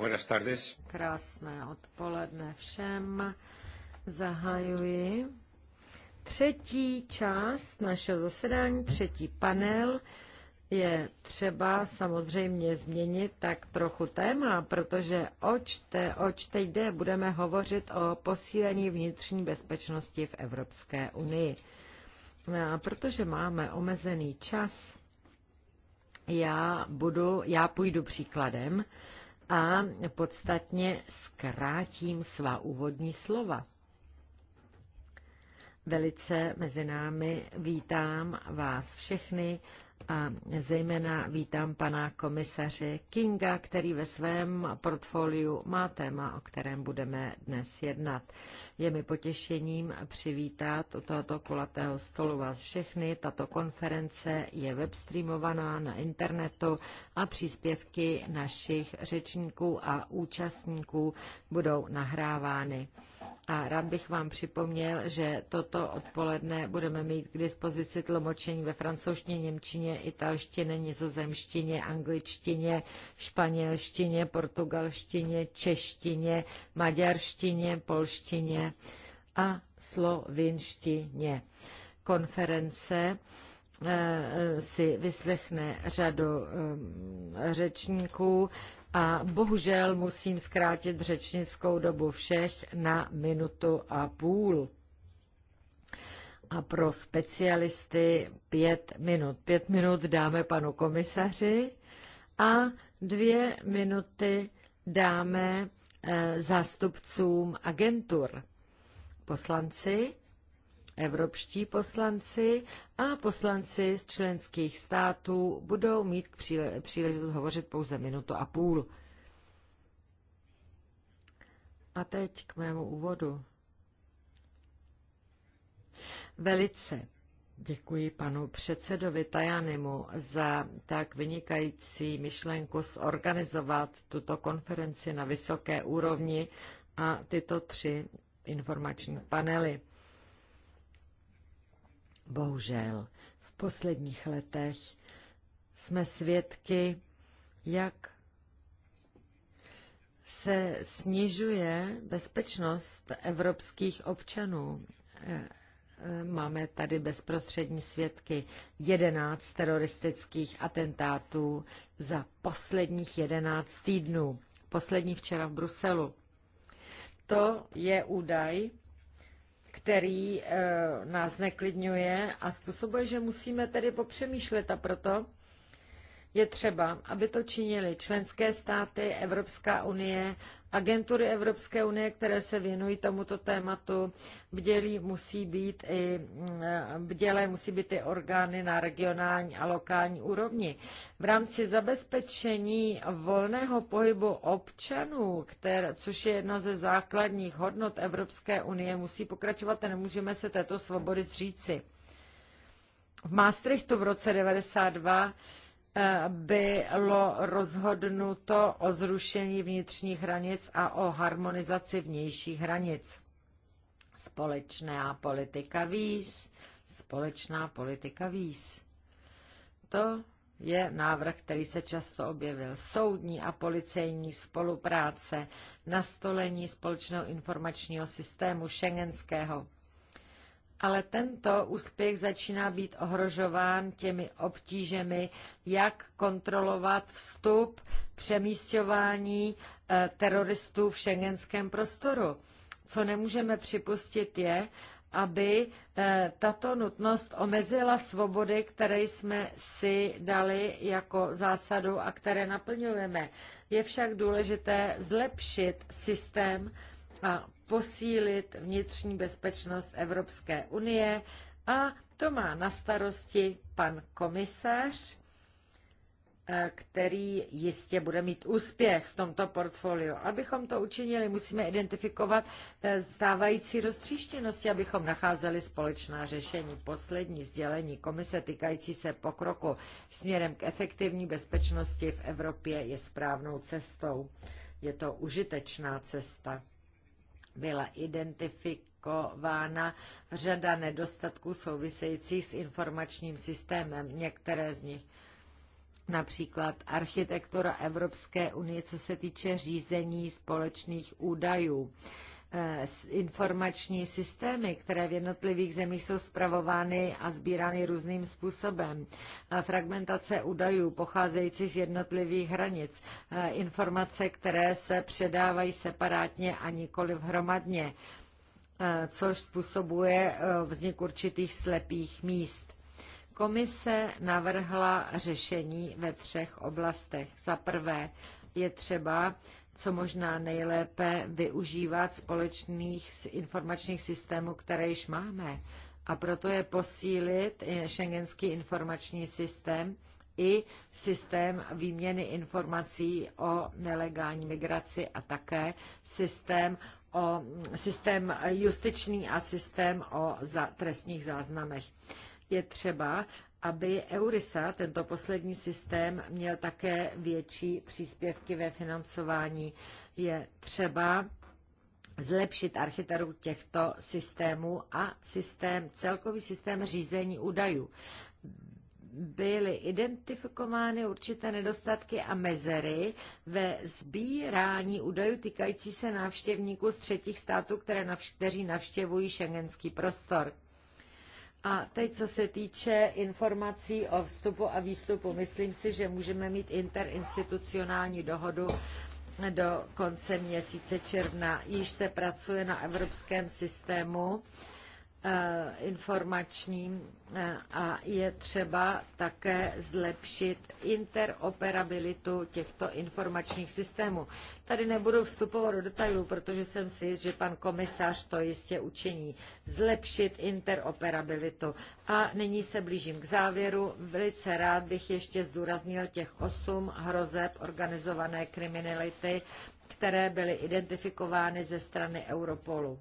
Buenas tardes. Krásné odpoledne všem. Zahajuji třetí část našeho zasedání, třetí panel. Je třeba samozřejmě změnit tak trochu téma, protože oč, te, teď jde, budeme hovořit o posílení vnitřní bezpečnosti v Evropské unii. No a protože máme omezený čas, já, budu, já půjdu příkladem a podstatně zkrátím svá úvodní slova. Velice mezi námi vítám vás všechny a zejména vítám pana komisaře Kinga, který ve svém portfoliu má téma, o kterém budeme dnes jednat. Je mi potěšením přivítat u tohoto kulatého stolu vás všechny. Tato konference je webstreamovaná na internetu a příspěvky našich řečníků a účastníků budou nahrávány. A rád bych vám připomněl, že toto odpoledne budeme mít k dispozici tlumočení ve francouzštině, němčině, italštině, nizozemštině, angličtině, španělštině, portugalštině, češtině, maďarštině, polštině a slovinštině. Konference eh, eh, si vyslechne řadu eh, řečníků a bohužel musím zkrátit řečnickou dobu všech na minutu a půl. A pro specialisty pět minut. Pět minut dáme panu komisaři a dvě minuty dáme eh, zástupcům agentur. Poslanci Evropští poslanci a poslanci z členských států budou mít příležitost hovořit pouze minutu a půl. A teď k mému úvodu. Velice děkuji panu předsedovi Tajanemu za tak vynikající myšlenku zorganizovat tuto konferenci na vysoké úrovni a tyto tři informační panely. Bohužel, v posledních letech jsme svědky, jak se snižuje bezpečnost evropských občanů. E, e, máme tady bezprostřední svědky 11 teroristických atentátů za posledních 11 týdnů. Poslední včera v Bruselu. To je údaj, který eh, nás neklidňuje a způsobuje, že musíme tedy popřemýšlet a proto je třeba, aby to činili členské státy, Evropská unie Agentury Evropské unie, které se věnují tomuto tématu, bdělí musí být i, mm, bdělé musí být i orgány na regionální a lokální úrovni. V rámci zabezpečení volného pohybu občanů, které, což je jedna ze základních hodnot Evropské unie, musí pokračovat a nemůžeme se této svobody zříci. V Maastrichtu v roce 92 bylo rozhodnuto o zrušení vnitřních hranic a o harmonizaci vnějších hranic. Společná politika víz, společná politika víz. To je návrh, který se často objevil. Soudní a policejní spolupráce, nastolení společného informačního systému šengenského ale tento úspěch začíná být ohrožován těmi obtížemi, jak kontrolovat vstup, přemístování eh, teroristů v šengenském prostoru. Co nemůžeme připustit je, aby eh, tato nutnost omezila svobody, které jsme si dali jako zásadu a které naplňujeme. Je však důležité zlepšit systém, a posílit vnitřní bezpečnost Evropské unie a to má na starosti pan komisař, eh, který jistě bude mít úspěch v tomto portfoliu. Abychom to učinili, musíme identifikovat eh, stávající roztříštěnosti, abychom nacházeli společná řešení. Poslední sdělení komise týkající se pokroku směrem k efektivní bezpečnosti v Evropě je správnou cestou. Je to užitečná cesta byla identifikována řada nedostatků souvisejících s informačním systémem, některé z nich. Například architektura Evropské unie, co se týče řízení společných údajů. Eh, informační systémy, které v jednotlivých zemích jsou zpravovány a sbírány různým způsobem. Eh, fragmentace údajů pocházející z jednotlivých hranic, eh, informace, které se předávají separátně a nikoli hromadně, což způsobuje vznik určitých slepých míst. Komise navrhla řešení ve třech oblastech. Za prvé, je třeba co možná nejlépe využívat společných informačních systémů, které již máme. A proto je posílit šengenský informační systém i systém výměny informací o nelegální migraci a také systém, o, systém justiční a systém o za, trestních záznamech. Je třeba, aby Eurisa, tento poslední systém, měl také větší příspěvky ve financování. Je třeba zlepšit architekturu těchto systémů a systém, celkový systém řízení údajů. Byly identifikovány určité nedostatky a mezery ve sbírání údajů týkající se návštěvníků z třetích států, které navš- kteří navštěvují šengenský prostor. A teď, co se týče informací o vstupu a výstupu, myslím si, že můžeme mít interinstitucionální dohodu do konce měsíce června. Již se pracuje na evropském systému Eh, informačním eh, a je třeba také zlepšit interoperabilitu těchto informačních systémů. Tady nebudu vstupovat do detailů, protože jsem si jist, že pan komisař to jistě učiní. Zlepšit interoperabilitu. A nyní se blížím k závěru. Velice rád bych ještě zdůraznil těch osm hrozeb organizované kriminality, které byly identifikovány ze strany Europolu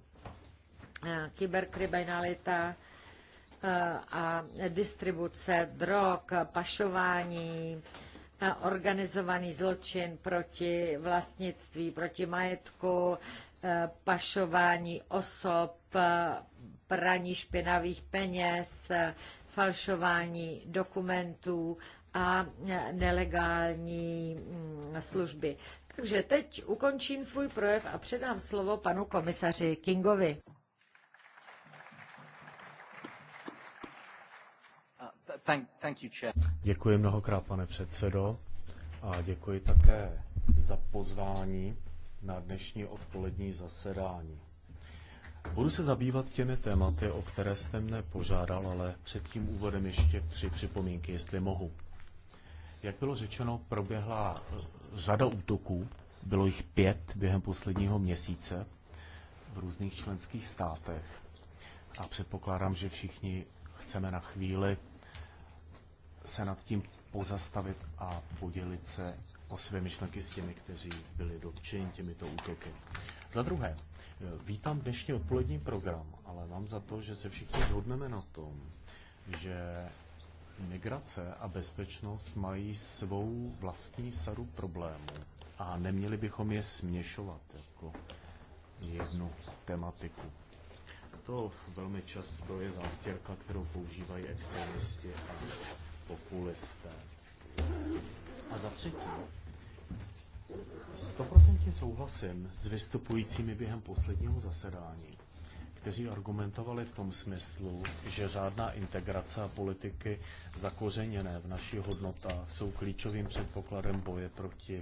Eh, kyberkriminalita eh, a distribuce drog, pašování, eh, organizovaný zločin proti vlastnictví, proti majetku, pašování osob, praní špinavých peněz, falšování dokumentů a nelegální mm, služby. Takže teď ukončím svůj projev a předám slovo panu komisaři Kingovi. Děkuji mnohokrát, pane předsedo, a děkuji také za pozvání na dnešní odpolední zasedání. Budu se zabývat těmi tématy, o které jste mne požádal, ale předtím úvodem ještě tři připomínky, jestli mohu. Jak bylo řečeno, proběhla eh, řada útoků, bylo jich pět během posledního měsíce v různých členských státech. A předpokládám, že všichni chceme na chvíli se nad tím pozastavit a podělit se o své myšlenky s těmi, kteří byli dotčeni těmito útoky. Za druhé, vítám dnešní odpolední program, ale mám za to, že se všichni shodneme na tom, že migrace a bezpečnost mají svou vlastní sadu problémů a neměli bychom je směšovat jako jednu tematiku. To velmi často je zástěrka, kterou používají extremisti a populisté. A za třetí, stoprocentně souhlasím s vystupujícími během posledního zasedání, kteří argumentovali v tom smyslu, že řádná integrace a politiky zakořeněné v naší hodnota jsou klíčovým předpokladem boje proti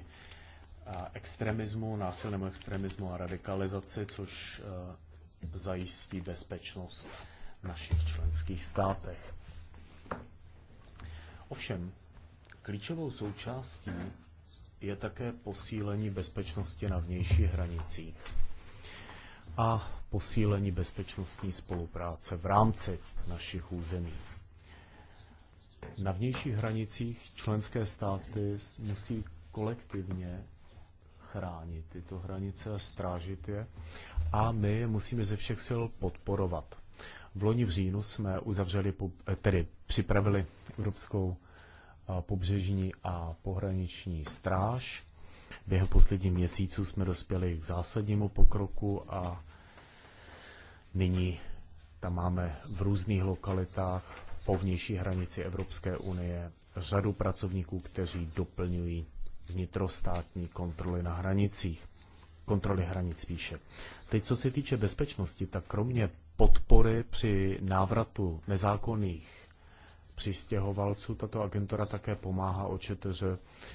eh, extremismu, násilnému extremismu a radikalizaci, což eh, zajistí bezpečnost v našich členských státech. Ovšem, klíčovou součástí je také posílení bezpečnosti na vnějších hranicích a posílení bezpečnostní spolupráce v rámci našich území. Na vnějších hranicích členské státy musí kolektivně chránit tyto hranice a strážit je a my je musíme ze všech sil podporovat. V loni v říjnu jsme uzavřeli, eh, tedy připravili Evropskou eh, pobřežní a pohraniční stráž. Během posledních měsíců jsme dospěli k zásadnímu pokroku a nyní tam máme v různých lokalitách po vnější hranici Evropské unie řadu pracovníků, kteří doplňují vnitrostátní kontroly na hranicích. Kontroly hranic spíše. Teď, co se týče bezpečnosti, tak kromě podpory při návratu nezákonných přistěhovalců. Tato agentura také pomáhá očetř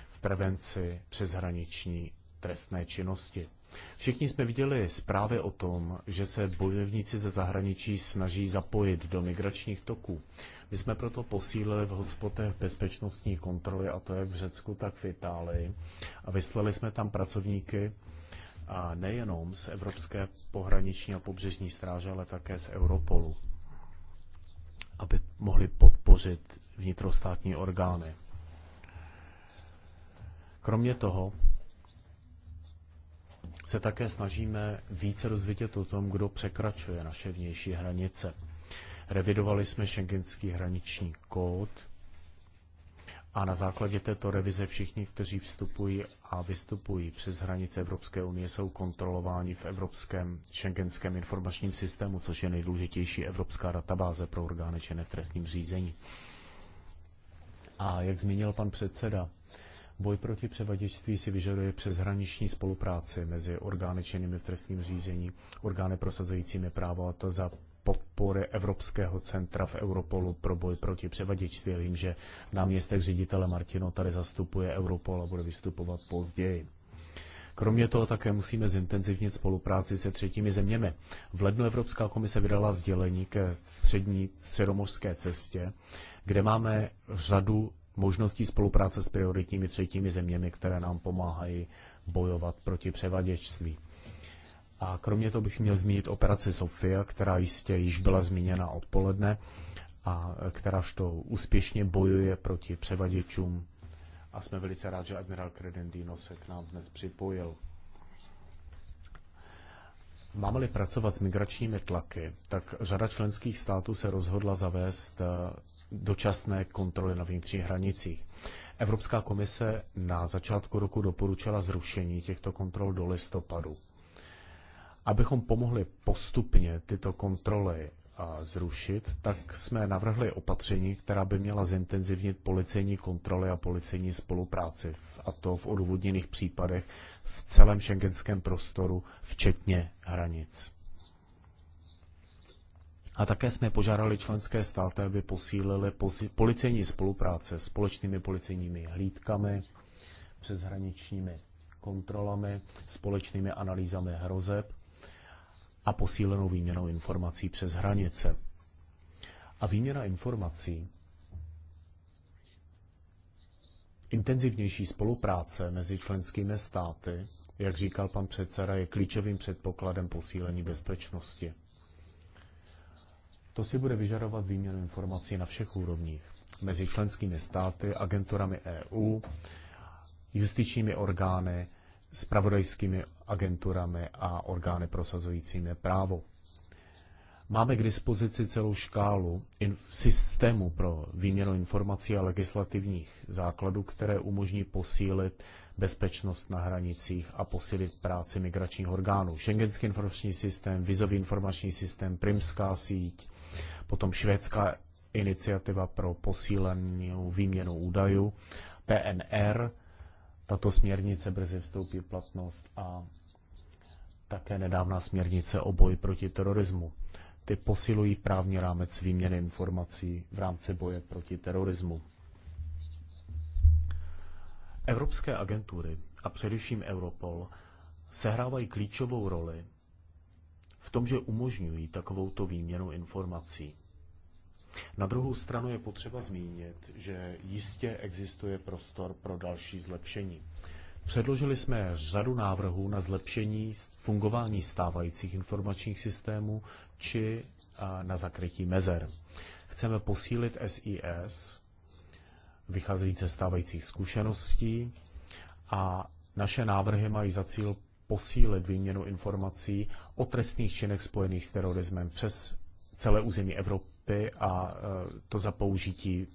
v prevenci přeshraniční trestné činnosti. Všichni jsme viděli zprávy o tom, že se bojovníci ze zahraničí snaží zapojit do migračních toků. My jsme proto posílili v hospodech bezpečnostní kontroly, a to jak v Řecku, tak v Itálii. A vyslali jsme tam pracovníky a nejenom z Evropské pohraniční a pobřežní stráže, ale také z Europolu, aby mohli podpořit vnitrostátní orgány. Kromě toho se také snažíme více rozvědět o tom, kdo překračuje naše vnější hranice. Revidovali jsme šengenský hraniční kód, a na základě této revize všichni, kteří vstupují a vystupují přes hranice Evropské unie, jsou kontrolováni v Evropském šengenském informačním systému, což je nejdůležitější evropská databáze pro orgány činné v trestním řízení. A jak zmínil pan předseda, boj proti převaděčství si vyžaduje přeshraniční spolupráci mezi orgány činnými v trestním řízení, orgány prosazujícími právo, a to za podpory Evropského centra v Europolu pro boj proti převaděčství. Vím, že náměstek ředitele Martino tady zastupuje Europol a bude vystupovat později. Kromě toho také musíme zintenzivnit spolupráci se třetími zeměmi. V lednu Evropská komise vydala sdělení ke střední středomořské cestě, kde máme řadu možností spolupráce s prioritními třetími zeměmi, které nám pomáhají bojovat proti převaděčství. A kromě toho bych měl zmínit operaci Sofia, která jistě již byla zmíněna odpoledne a kteráž to úspěšně bojuje proti převaděčům. A jsme velice rádi, že admirál Credendino se k nám dnes připojil. Máme-li pracovat s migračními tlaky, tak řada členských států se rozhodla zavést eh, dočasné kontroly na vnitřních hranicích. Evropská komise na začátku roku doporučila zrušení těchto kontrol do listopadu abychom pomohli postupně tyto kontroly zrušit, tak jsme navrhli opatření, která by měla zintenzivnit policejní kontroly a policejní spolupráci, a to v odůvodněných případech v celém šengenském prostoru, včetně hranic. A také jsme požádali členské státy, aby posílili policejní spolupráce společnými policejními hlídkami, přeshraničními kontrolami, společnými analýzami hrozeb a posílenou výměnou informací přes hranice. A výměna informací, intenzivnější spolupráce mezi členskými státy, jak říkal pan předseda, je klíčovým předpokladem posílení bezpečnosti. To si bude vyžadovat výměnu informací na všech úrovních. Mezi členskými státy, agenturami EU, justičními orgány, spravodajskými agenturami a orgány prosazujícími právo. Máme k dispozici celou škálu in- systému pro výměnu informací a legislativních základů, které umožní posílit bezpečnost na hranicích a posílit práci migračních orgánů. Schengenský informační systém, vizový informační systém, primská síť, potom švédská iniciativa pro posílenou výměnu údajů, PNR, tato směrnice brzy vstoupí v platnost a také nedávná směrnice o boji proti terorismu. Ty posilují právní rámec výměny informací v rámci boje proti terorismu. Evropské agentury a především Europol sehrávají klíčovou roli v tom, že umožňují takovouto výměnu informací. Na druhou stranu je potřeba zmínit, že jistě existuje prostor pro další zlepšení. Předložili jsme řadu návrhů na zlepšení fungování stávajících informačních systémů či na zakrytí mezer. Chceme posílit SIS, vycházející ze stávajících zkušeností a naše návrhy mají za cíl posílit výměnu informací o trestných činech spojených s terorismem přes celé území Evropy čipy a e, to za použití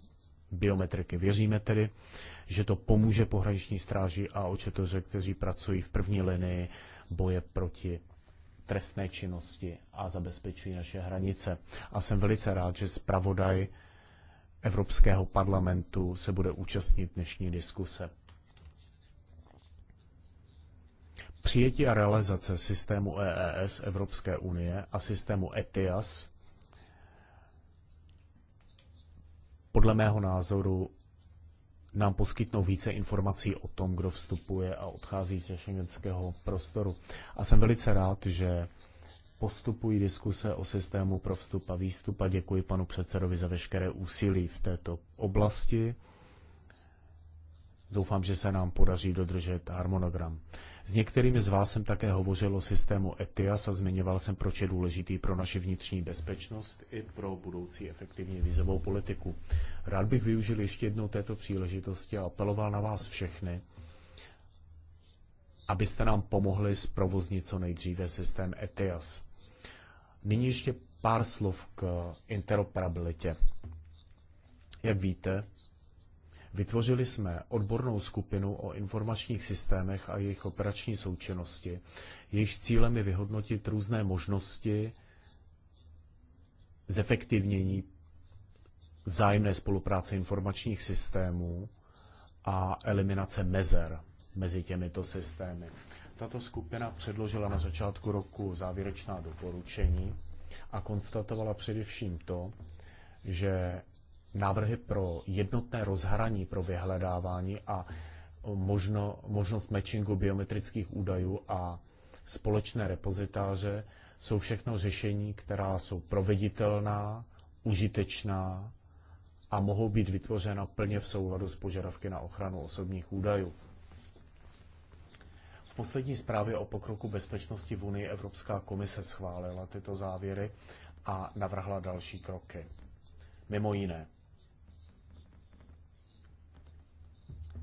biometriky. Věříme tedy, že to pomůže pohraniční stráži a očetoře, kteří pracují v první linii boje proti trestné činnosti a zabezpečují naše hranice. A jsem velice rád, že zpravodaj Evropského parlamentu se bude účastnit dnešní diskuse. Přijetí a realizace systému EES Evropské unie a systému ETIAS podle mého názoru nám poskytnou více informací o tom, kdo vstupuje a odchází z šengenského prostoru. A jsem velice rád, že postupují diskuse o systému pro vstup a výstup a děkuji panu předsedovi za veškeré úsilí v této oblasti. Doufám, že se nám podaří dodržet harmonogram. S některými z vás jsem také hovořil o systému ETIAS a zmiňoval jsem, proč je důležitý pro naši vnitřní bezpečnost i pro budoucí efektivní vizovou politiku. Rád bych využil ještě jednou této příležitosti a apeloval na vás všechny, abyste nám pomohli zprovoznit co nejdříve systém ETIAS. Nyní ještě pár slov k interoperabilitě. Jak víte, Vytvořili jsme odbornou skupinu o informačních systémech a jejich operační součinnosti. Jejich cílem je vyhodnotit různé možnosti zefektivnění vzájemné spolupráce informačních systémů a eliminace mezer mezi těmito systémy. Tato skupina předložila na začátku roku závěrečná doporučení a konstatovala především to, že návrhy pro jednotné rozhraní pro vyhledávání a možno, možnost matchingu biometrických údajů a společné repozitáře jsou všechno řešení, která jsou proveditelná, užitečná a mohou být vytvořena plně v souladu s požadavky na ochranu osobních údajů. V poslední zprávě o pokroku bezpečnosti v Unii Evropská komise schválila tyto závěry a navrhla další kroky. Mimo jiné,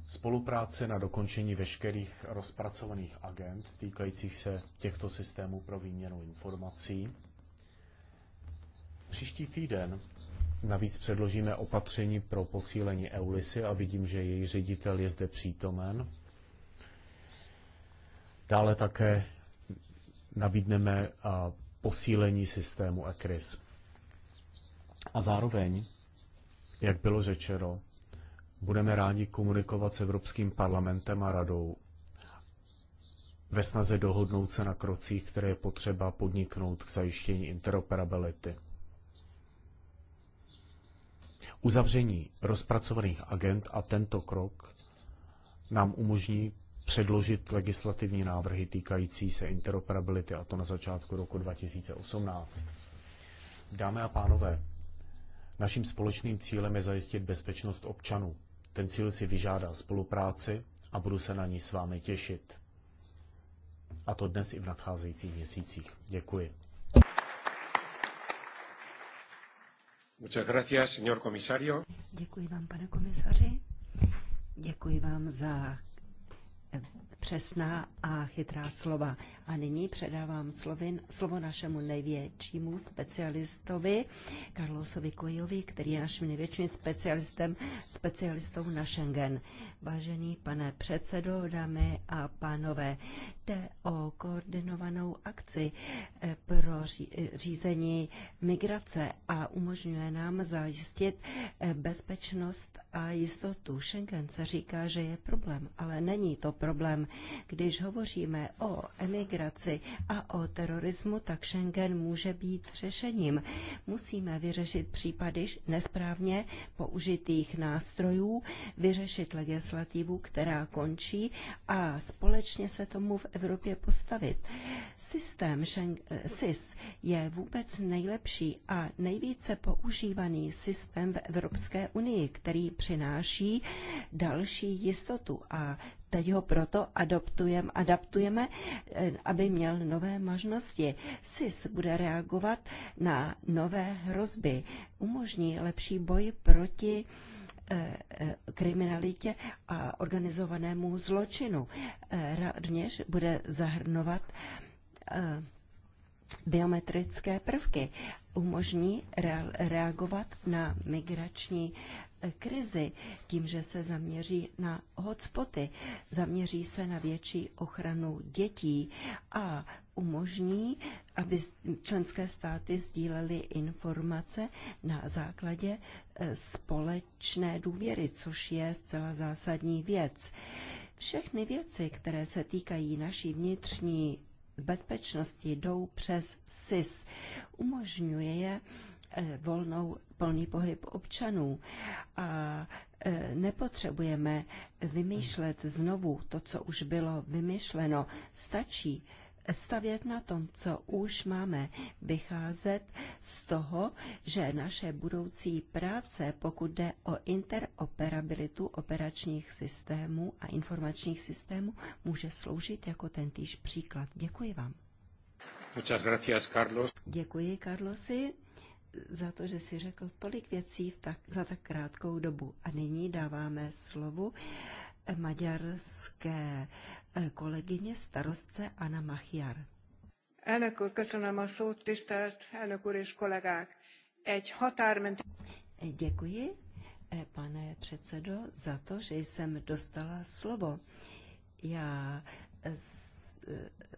Spolupráce na dokončení veškerých rozpracovaných agent týkajících se těchto systémů pro výměnu informací. Příští týden navíc předložíme opatření pro posílení EULISy a vidím, že její ředitel je zde přítomen. Dále také nabídneme posílení systému ECRIS. A zároveň, jak bylo řečeno, budeme rádi komunikovat s Evropským parlamentem a radou ve snaze dohodnout se na krocích, které je potřeba podniknout k zajištění interoperability. Uzavření rozpracovaných agent a tento krok nám umožní předložit legislativní návrhy týkající se interoperability, a to na začátku roku 2018. Dámy a pánové, naším společným cílem je zajistit bezpečnost občanů. Ten cíl si vyžádá spolupráci a budu se na ní s vámi těšit. A to dnes i v nadcházejících měsících. Děkuji. Děkuji vám, pane komisaři. Děkuji vám za přesná a chytrá slova. A nyní předávám slovin, slovo našemu největšímu specialistovi, Karlosovi Kojovi, který je naším největším specialistem, specialistou na Schengen. Vážený pane předsedo, dámy a pánové, jde o koordinovanou akci eh, pro eh, řízení migrace a umožňuje nám zajistit eh, bezpečnost a jistotu. Schengen se říká, že je problém, ale není to problém. Když hovoříme o emigraci a o terorismu, tak Schengen může být řešením. Musíme vyřešit případy nesprávně použitých nástrojů, vyřešit legislativu, která končí a společně se tomu v Evropě postavit. Systém SIS je vůbec nejlepší a nejvíce používaný systém v Evropské unii, který přináší další jistotu a teď ho proto adoptujeme, adaptujeme, eh, aby měl nové možnosti. SIS bude reagovat na nové hrozby, umožní lepší boj proti eh, eh, kriminalitě a organizovanému zločinu. Rovněž bude zahrnovat biometrické prvky umožní reagovat na migrační krizi tím, že se zaměří na hotspoty, zaměří se na větší ochranu dětí a umožní, aby členské státy sdílely informace na základě e, společné důvěry, což je zcela zásadní věc. Všechny věci, které se týkají naší vnitřní bezpečnosti, jdou přes SIS. Umožňuje je Eh, volnou, plný pohyb občanů a eh, nepotřebujeme vymýšlet znovu to, co už bylo vymyšleno. Stačí stavět na tom, co už máme, vycházet z toho, že naše budoucí práce, pokud jde o interoperabilitu operačních systémů a informačních systémů, může sloužit jako tentýž příklad. Děkuji vám. Muchas gracias, Carlos. Děkuji, Carlosi za to, že si řekl tolik věcí v tak, za tak krátkou dobu. A nyní dáváme slovu eh, maďarské eh, kolegyně starostce Anna Machiar. Eh, děkuji, pane předsedo, za to, že jsem dostala slovo. Já s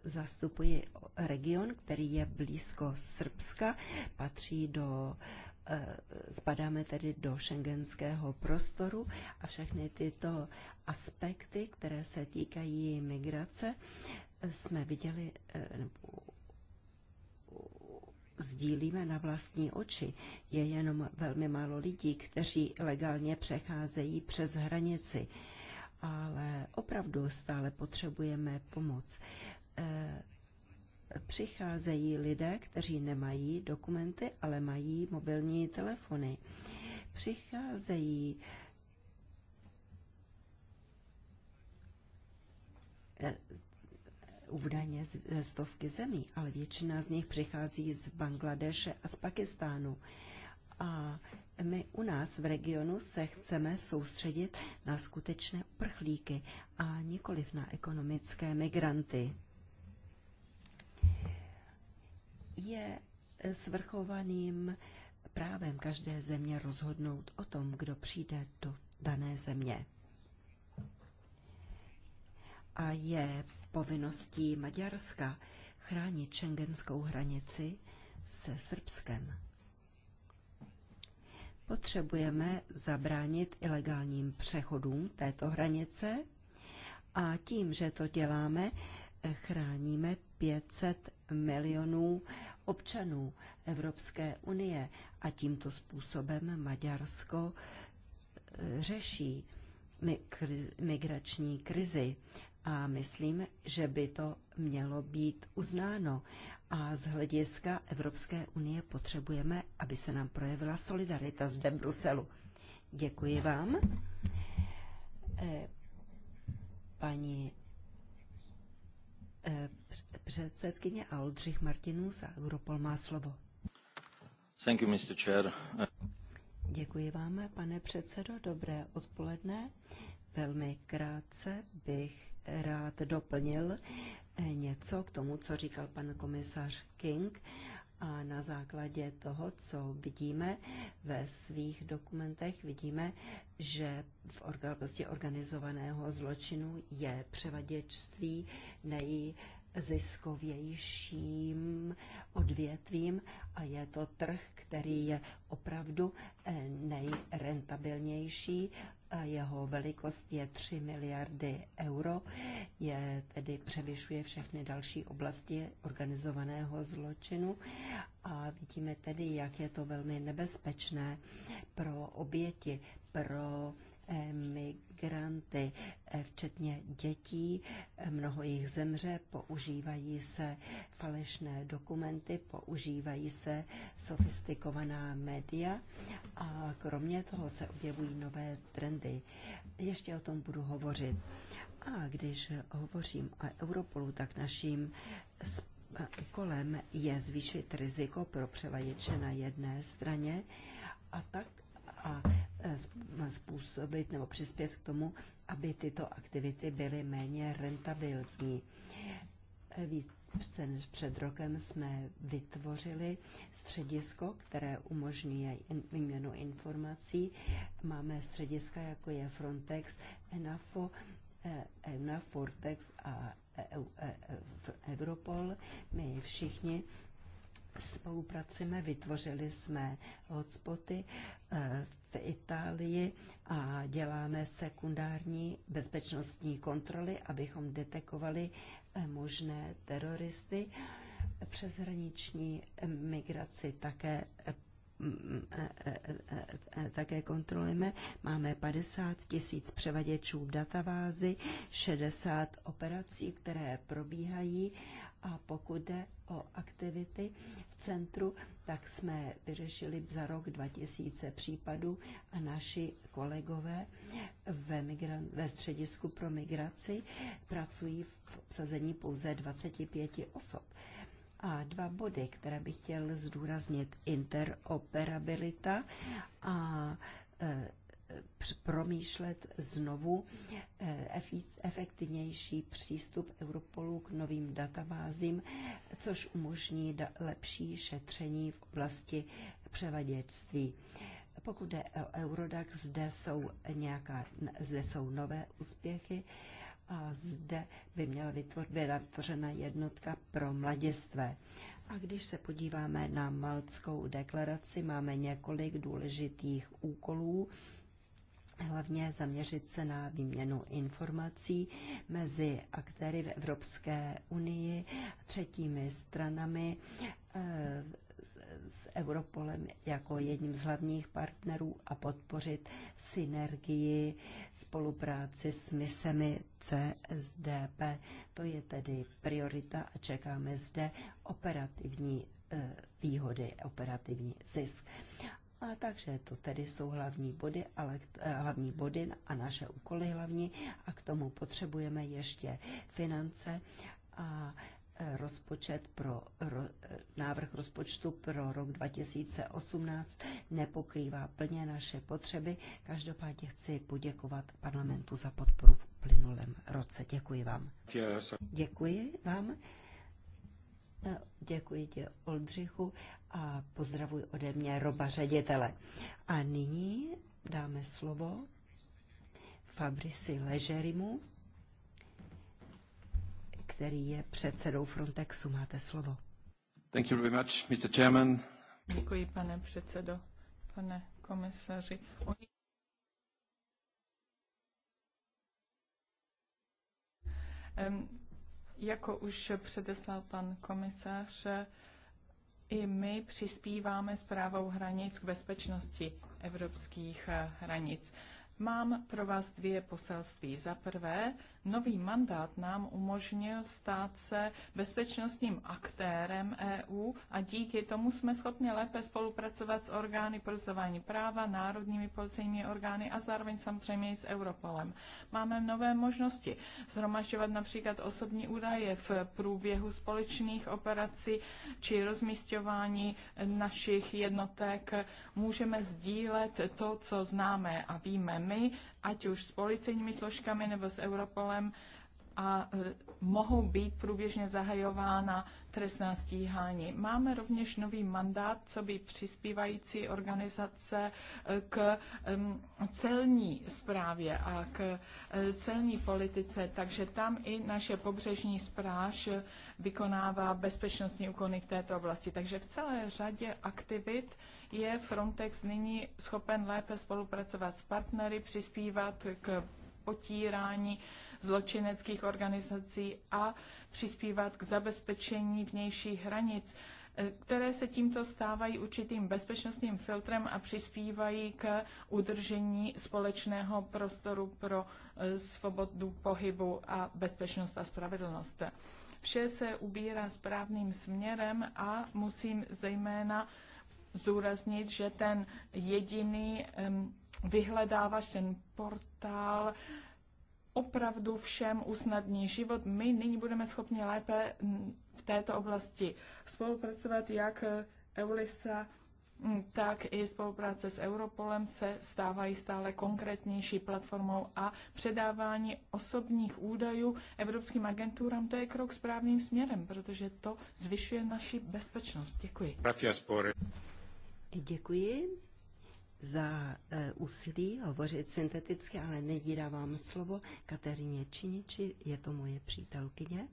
zastupuji region, který je blízko Srbska, patří do eh, spadáme tedy do šengenského prostoru a všechny tyto aspekty, které se týkají migrace, jsme viděli eh, nebo sdílíme na vlastní oči. Je jenom velmi málo lidí, kteří legálně přecházejí přes hranici ale opravdu stále potřebujeme pomoc. E, přicházejí lidé, kteří nemají dokumenty, ale mají mobilní telefony. Přicházejí e, údajně ze stovky zemí, ale většina z nich přichází z Bangladeše a z Pakistánu. A my u nás v regionu se chceme soustředit na skutečné uprchlíky a nikoliv na ekonomické migranty. Je svrchovaným právem každé země rozhodnout o tom, kdo přijde do dané země. A je povinností Maďarska chránit šengenskou hranici se Srbskem. Potřebujeme zabránit ilegálním přechodům této hranice a tím, že to děláme, chráníme 500 milionů občanů Evropské unie a tímto způsobem Maďarsko eh, řeší migrační krizi a myslím, že by to mělo být uznáno a z hlediska Evropské unie potřebujeme, aby se nám projevila solidarita zde v Bruselu. Děkuji vám. Eh, paní eh, předsedkyně Aldřich Martinů za Europol má slovo. Thank you, Mr. Chair. Děkuji vám, pane předsedo. Dobré odpoledne. Velmi krátce bych rád doplnil něco k tomu, co říkal pan komisař King a na základě toho, co vidíme ve svých dokumentech, vidíme, že v oblasti organizovaného zločinu je převaděčství nejziskovějším odvětvím a je to trh, který je opravdu eh, nejrentabilnější jeho velikost je 3 miliardy euro, je tedy převyšuje všechny další oblasti organizovaného zločinu a vidíme tedy, jak je to velmi nebezpečné pro oběti, pro migranty, eh, včetně dětí. Eh, mnoho jich zemře, používají se falešné dokumenty, používají se sofistikovaná média a kromě toho se objevují nové trendy. Ještě o tom budu hovořit. A když hovořím o Europolu, tak naším kolem je zvýšit riziko pro převaděče na jedné straně a tak a Eh, eh, způsobit nebo přispět k tomu, aby tyto aktivity byly méně rentabilní. Eh, Více než před rokem jsme vytvořili středisko, které umožňuje výměnu informací. Máme střediska, jako je Frontex, ENAFO, Enafortex Fortex a e, e, e, Europol. My všichni spolupracujeme, vytvořili jsme hotspoty eh, v Itálii a děláme sekundární bezpečnostní kontroly, abychom detekovali eh, možné teroristy. Přeshraniční eh, migraci také mm, také kontrolujeme. Máme 50 tisíc převaděčů v databázi, 60 operací, které probíhají a pokud jde o aktivity v centru, tak jsme vyřešili za rok 2000 případů a naši kolegové ve, migran- ve středisku pro migraci pracují v obsazení pouze 25 osob. A dva body, které bych chtěl zdůraznit, interoperabilita a e, promýšlet znovu eh, efektivnější přístup Europolu k novým databázím, což umožní lepší šetření v oblasti převaděčství. Pokud jde o Eurodax, zde jsou, nějaká, zde jsou nové úspěchy a zde by měla být vytvořena jednotka pro mladistvé. A když se podíváme na Malckou deklaraci, máme několik důležitých úkolů, hlavně zaměřit se na výměnu informací mezi aktéry v Evropské unii, třetími stranami, eh, s Europolem jako jedním z hlavních partnerů a podpořit synergii, spolupráci s misemi CSDP. To je tedy priorita a čekáme zde operativní eh, výhody, operativní zisk. A takže to tedy jsou hlavní body, ale, eh, hlavní body a naše úkoly hlavní a k tomu potřebujeme ještě finance a eh, rozpočet pro ro, eh, návrh rozpočtu pro rok 2018 nepokrývá plně naše potřeby. Každopádně chci poděkovat parlamentu za podporu v uplynulém roce. Děkuji vám. Děkuji vám. Děkuji tě, Oldřichu a pozdravuji ode mě Roba ředitele. A nyní dáme slovo Fabrisi Ležerimu, který je předsedou Frontexu. Máte slovo. Thank you very much, Mr. Chairman. Děkuji, pane předsedo, pane komisaři. Oni... jako už předeslal pan komisař, i my přispíváme zprávou hranic k bezpečnosti evropských eh, hranic. Mám pro vás dvě poselství. Za prvé, nový mandát nám umožnil stát se bezpečnostním aktérem EU a díky tomu jsme schopni lépe spolupracovat s orgány porozování práva, národními policejními orgány a zároveň samozřejmě i s Europolem. Máme nové možnosti zhromažďovat například osobní údaje v průběhu společných operací či rozmístování našich jednotek. Můžeme sdílet to, co známe a víme my, ať už s policejními složkami nebo s Europolem, a e, mohou být průběžně zahajována trestná stíhání. Máme rovněž nový mandát, co by přispívající organizace e, k celní správě a k e, celní politice, takže tam i naše pobřežní stráž vykonává bezpečnostní úkony v této oblasti. Takže v celé řadě aktivit je Frontex nyní schopen lépe spolupracovat s partnery, přispívat k potírání zločineckých organizací a přispívat k zabezpečení vnějších hranic, eh, které se tímto stávají určitým bezpečnostním filtrem a přispívají k udržení společného prostoru pro eh, svobodu pohybu a bezpečnost a spravedlnost. Vše se ubírá správným směrem a musím zejména zdůraznit, že ten jediný vyhledávač, ten portál opravdu všem usnadní život. My nyní budeme schopni lépe v této oblasti spolupracovat, jak EULISA, tak i spolupráce s Europolem se stávají stále konkrétnější platformou a předávání osobních údajů evropským agenturám, to je krok správným směrem, protože to zvyšuje naši bezpečnost. Děkuji. Děkuji za e, úsilí hovořit synteticky, ale nedírávám slovo Kateřině Činiči, je to moje přítelkyně.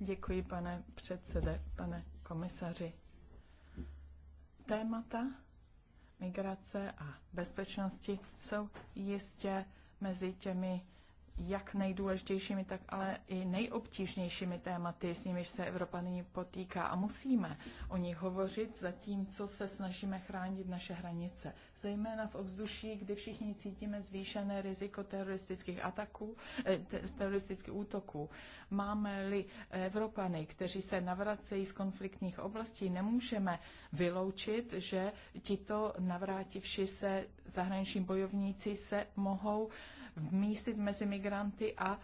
Děkuji, pane předsede, pane komisaři. Témata migrace a bezpečnosti jsou jistě mezi těmi jak nejdůležitějšími, tak ale i nejobtížnějšími tématy, s nimiž se Evropa nyní potýká a musíme o nich hovořit, zatímco se snažíme chránit naše hranice. Zejména v ovzduší, kdy všichni cítíme zvýšené riziko teroristických ataků, eh, teroristických útoků. Máme-li Evropany, kteří se navracejí z konfliktních oblastí, nemůžeme vyloučit, že tito navrátivši se zahraniční bojovníci se mohou uh, vmísit mezi migranty a e,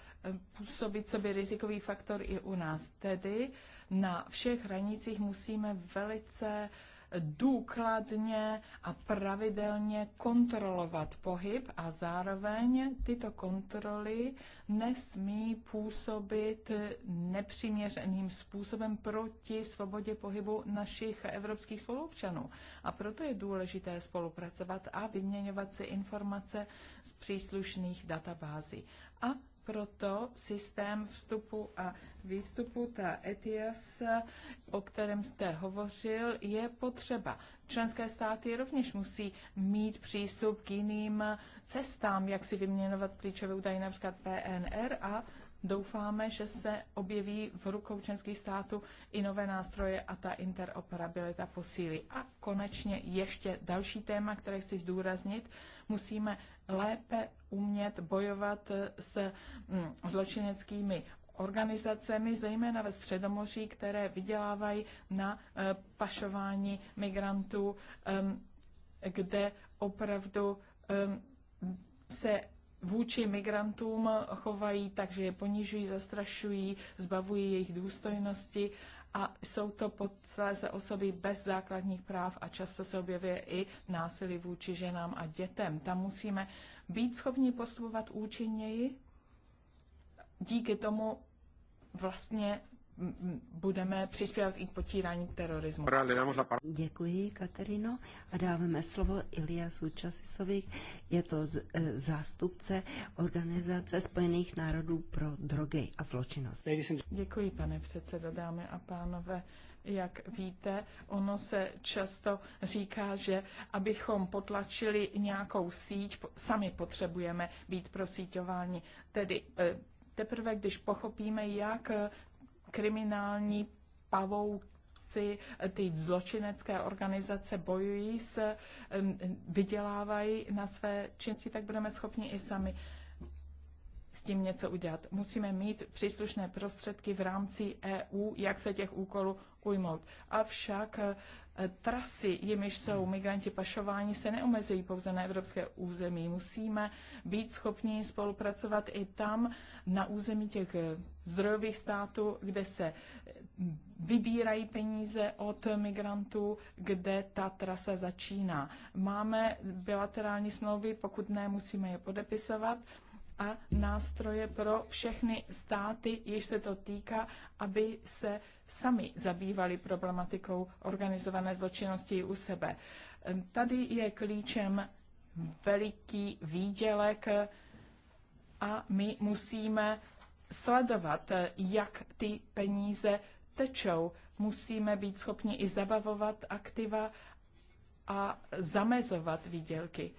působit sobě rizikový faktor i u nás. Tedy na všech hranicích musíme velice uh, důkladně a pravidelně kontrolovat pohyb a zároveň tyto kontroly nesmí působit nepřiměřeným způsobem proti svobodě pohybu našich evropských spoluobčanů. A proto je důležité spolupracovat a vyměňovat si informace z příslušných databází. A proto systém vstupu a výstupu, ta ETIAS, o kterém jste hovořil, je potřeba. Členské státy rovněž musí mít přístup k jiným cestám, jak si vyměňovat klíčové údaje, například PNR a Doufáme, že se objeví v rukou členských států i nové nástroje a ta interoperabilita posílí. A konečně ještě další téma, které chci zdůraznit. Musíme lépe umět bojovat s mm, zločineckými organizacemi, zejména ve Středomoří, které vydělávají na eh, pašování migrantů, kde opravdu se vůči migrantům chovají, takže je ponižují, zastrašují, zbavují jejich důstojnosti a jsou to po celé se osoby bez základních práv a často se objevuje i násilí vůči ženám a dětem. Tam musíme být schopni postupovat účinněji, díky tomu vlastně budeme přispívat i k potírání terorismu. Děkuji, Katerino. A dáváme slovo Iliasu Časisovi. Je to z, e, zástupce Organizace spojených národů pro drogy a zločinnost. Děkuji, pane předsedo, dámy a pánové jak víte, ono se často říká, že abychom potlačili nějakou síť, sami potřebujeme být prosíťováni. Tedy e, teprve, když pochopíme, jak kriminální pavouci, ty zločinecké organizace bojují s, vydělávají na své činci, tak budeme schopni i sami s tím něco udělat. Musíme mít příslušné prostředky v rámci EU, jak se těch úkolů ujmout. Avšak trasy, jimiž jsou migranti pašováni, se neomezují pouze na evropské území. Musíme být schopni spolupracovat i tam, na území těch zdrojových států, kde se vybírají peníze od migrantů, kde ta trasa začíná. Máme bilaterální smlouvy, pokud ne, musíme je podepisovat a nástroje pro všechny státy, jež se to týká, aby se sami zabývali problematikou organizované zločinnosti u sebe. Tady je klíčem veliký výdělek a my musíme sledovat, eh, jak ty peníze tečou. Musíme být schopni i zabavovat aktiva a zamezovat výdělky.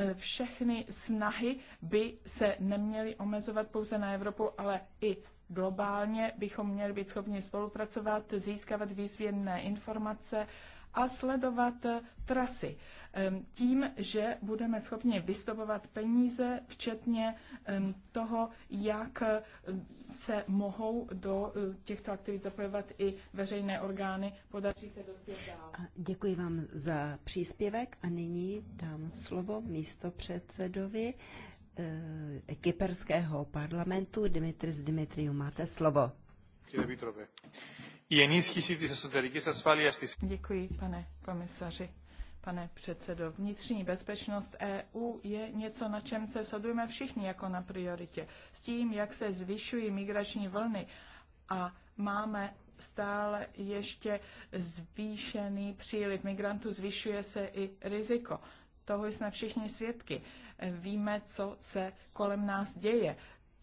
Eh, všechny snahy by se neměly omezovat pouze na Evropu, ale i globálně bychom měli být schopni spolupracovat, získávat výzvědné informace, a sledovat eh, trasy. Tím, že budeme schopni vystopovat peníze, včetně toho, jak eh, se mohou do eh, těchto aktivit zapojovat i veřejné orgány, podaří se dostat dál. Děkuji vám za příspěvek a nyní dám slovo místo předsedovi kyperského parlamentu Dimitris Dimitriu. Máte slovo. Děkuji, η ενίσχυση της εσωτερικής ασφάλειας της... Děkuji, pane komisaři. Pane předsedo, vnitřní bezpečnost EU je něco, na čem se shodujeme všichni jako na prioritě. S tím, jak se zvyšují migrační vlny a máme stále ještě zvýšený příliv migrantů, zvyšuje se i riziko. Toho jsme všichni svědky. Víme, co se kolem nás děje.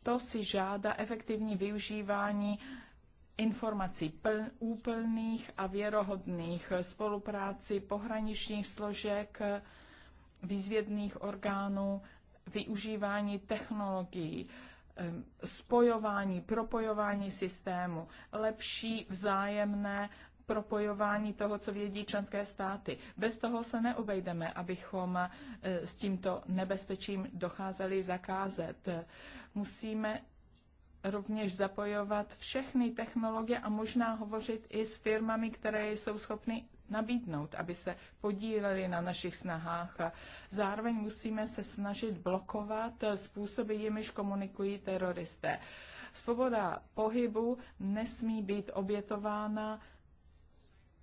To si žádá efektivní využívání informací pln, úplných a věrohodných, spolupráci pohraničních složek, výzvědných orgánů, využívání technologií, spojování, propojování systému, lepší vzájemné propojování toho, co vědí členské státy. Bez toho se neobejdeme, abychom eh, s tímto nebezpečím docházeli zakázet. Musíme rovněž zapojovat všechny technologie a možná hovořit i s firmami, které jsou schopny nabídnout, aby se podíleli na našich snahách. Zároveň musíme se snažit blokovat způsoby, jimiž komunikují teroristé. Svoboda pohybu nesmí být obětována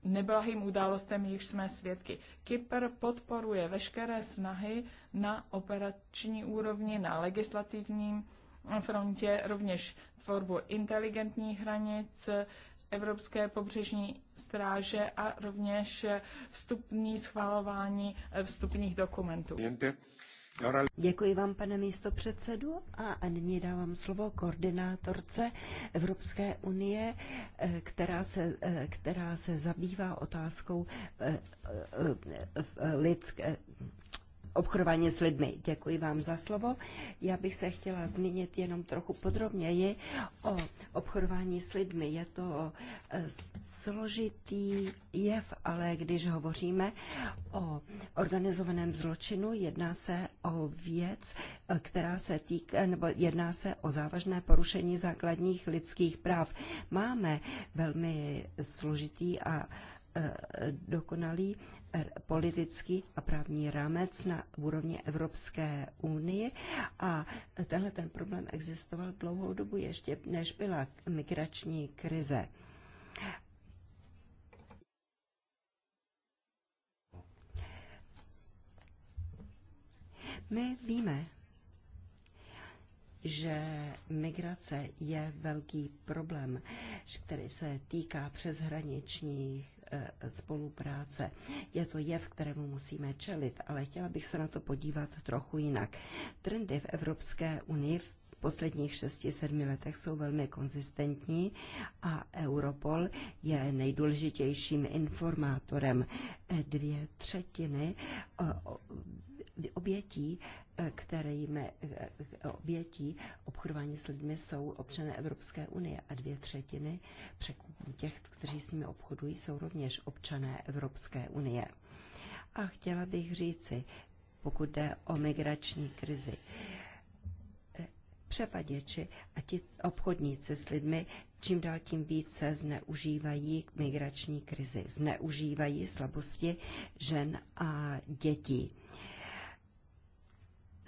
neblahým událostem, již jsme svědky. Kypr podporuje veškeré snahy na operační úrovni, na legislativním frontě rovněž tvorbu inteligentních hranic, Evropské pobřežní stráže a rovněž vstupní schvalování vstupních dokumentů. Děkuji vám, pane místo předsedu, a nyní dávám slovo koordinátorce Evropské unie, eh, která se, eh, která se zabývá otázkou eh, lidské obchodování s lidmi. Děkuji vám za slovo. Já bych se chtěla zmínit jenom trochu podrobněji o obchodování s lidmi. Je to eh, složitý jev, ale když hovoříme o organizovaném zločinu, jedná se o věc, eh, která se týká, eh, nebo jedná se o závažné porušení základních lidských práv. Máme velmi složitý a dokonalý Er, politický a právní rámec na úrovni Evropské unie a tenhle ten problém existoval dlouhou dobu ještě, než byla migrační krize. My víme, že migrace je velký problém, který se týká přeshraničních E, spolupráce. Je to jev, kterému musíme čelit, ale chtěla bych se na to podívat trochu jinak. Trendy v Evropské unii v posledních 6-7 letech jsou velmi konzistentní a Europol je nejdůležitějším informátorem. E, dvě třetiny e, obětí kterými eh, obětí obchodování s lidmi jsou občané Evropské unie a dvě třetiny těch, kteří s nimi obchodují, jsou rovněž občané Evropské unie. A chtěla bych říci, pokud jde o migrační krizi, eh, přepaděči a ti obchodníci s lidmi čím dál tím více zneužívají k migrační krizi, zneužívají slabosti žen a dětí.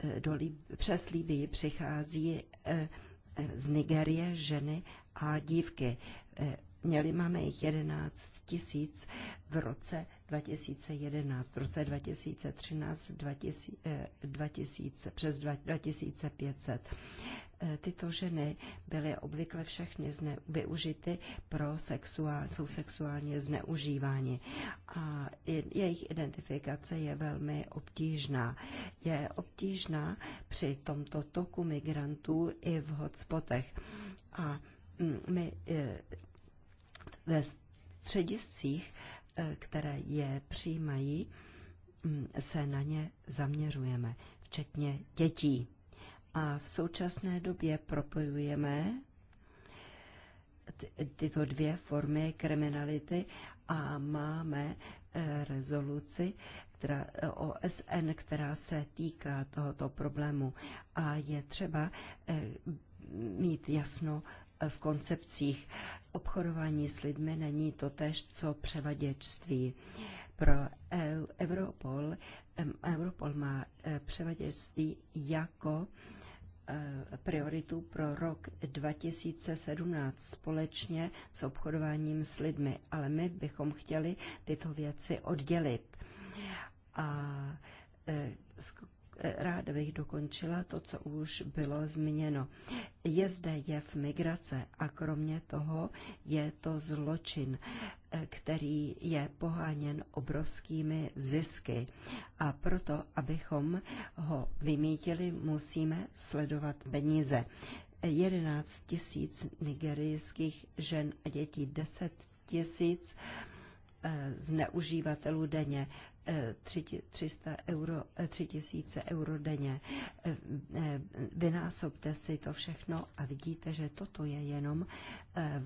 Eh, do přes Libii přichází eh, eh, z Nigerie ženy a dívky. Měli máme jich 11 tisíc v roce 2011, v roce 2013 2000, 2000, přes 2500. Eh, tyto ženy byly obvykle všechny zne, využity pro sexuál, jsou sexuálně zneužívání. A jejich identifikace je velmi obtížná. Je obtížná při tomto toku migrantů i v hotspotech. A mm, my eh, ve střediscích, eh, které je přijímají, mm, se na ně zaměřujeme, včetně dětí. A v současné době propojujeme tyto dvě formy kriminality a máme eh, rezoluci která, eh, OSN, která se týká tohoto problému. A je třeba eh, mít jasno v koncepcích. Obchodování s lidmi není to tež, co převaděčství. Pro Europol, Europol má převaděčství jako Eh, prioritu pro rok 2017 společně s obchodováním s lidmi, ale my bychom chtěli tyto věci oddělit. A eh, Ráda bych dokončila to, co už bylo zmíněno. Je zde jev migrace a kromě toho je to zločin, eh, který je poháněn obrovskými zisky. A proto, abychom ho vymítili, musíme sledovat peníze. 11 tisíc nigerijských žen a dětí, 10 tisíc eh, zneužívatelů denně. 300 euro, 3000 euro denně. Eh, eh, vynásobte si to všechno a vidíte, že toto je jenom eh,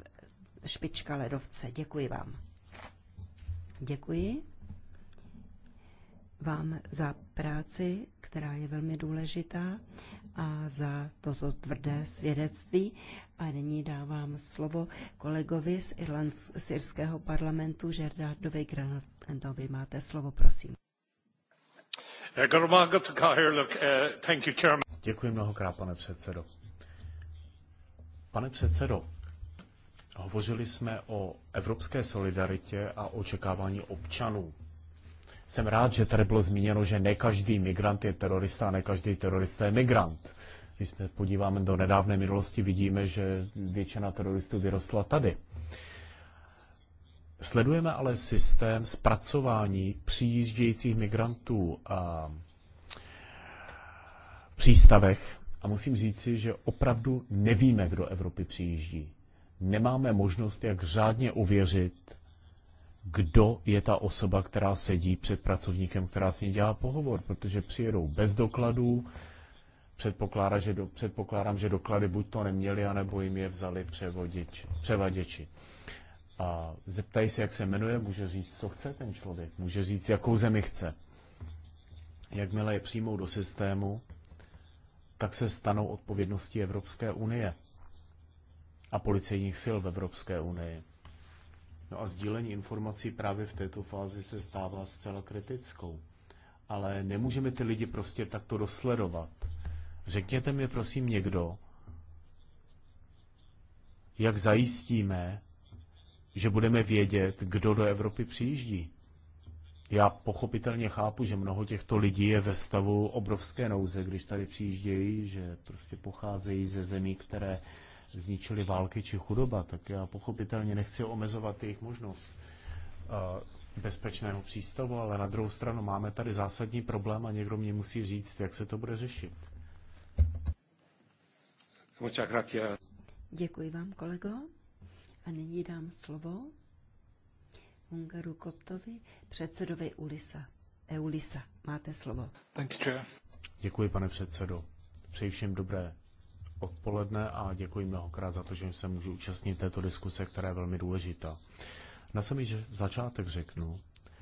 špička ledovce. Děkuji vám. Děkuji vám za práci, která je velmi důležitá a za toto tvrdé svědectví. A nyní dávám slovo kolegovi z, Irlands, z irského parlamentu Žerdádovi Granat doby. Máte slovo, prosím. Eh, Děkuji mnohokrát, pane předsedo. Pane předsedo, hovořili jsme o evropské solidaritě a očekávání občanů. Jsem rád, že tady bylo zmíněno, že ne každý migrant je terorista a ne každý terorista je migrant. Když se podíváme do nedávné minulosti, vidíme, že většina teroristů vyrostla tady. Sledujeme ale systém zpracování přijíždějících migrantů a v přístavech a musím říci, že opravdu nevíme, kdo Evropy přijíždí. Nemáme možnost, jak řádně ověřit, kdo je ta osoba, která sedí před pracovníkem, která s ní dělá pohovor, protože přijedou bez dokladů, předpokládá, že do, předpokládám, že doklady buď to neměli, anebo jim je vzali převaděči a zeptají se, jak se jmenuje, může říct, co chce ten člověk, může říct, jakou zemi chce. Jakmile je přijmou do systému, tak se stanou odpovědností Evropské unie a policejních sil v Evropské unii. No a sdílení informací právě v této fázi se stává zcela kritickou. Ale nemůžeme ty lidi prostě takto dosledovat. Řekněte mi prosím někdo, jak zajistíme, že budeme vědět, kdo do Evropy přijíždí. Já pochopitelně chápu, že mnoho těchto lidí je ve stavu obrovské nouze, když tady přijíždějí, že prostě pocházejí ze zemí, které zničily války či chudoba, tak já pochopitelně nechci omezovat jejich možnost eh, bezpečného přístavu, ale na druhou stranu máme tady zásadní problém a někdo mě musí říct, jak se to bude řešit. Děkuji vám, kolego. A nyní dám slovo Hungaru Koptovi, předsedovi Ulisa. Eulisa, máte slovo. Thank you, Děkuji, pane předsedo. Přeji všem dobré odpoledne a děkuji mnohokrát za to, že se můžu účastnit této diskuse, která je velmi důležitá. Na samý začátek řeknu,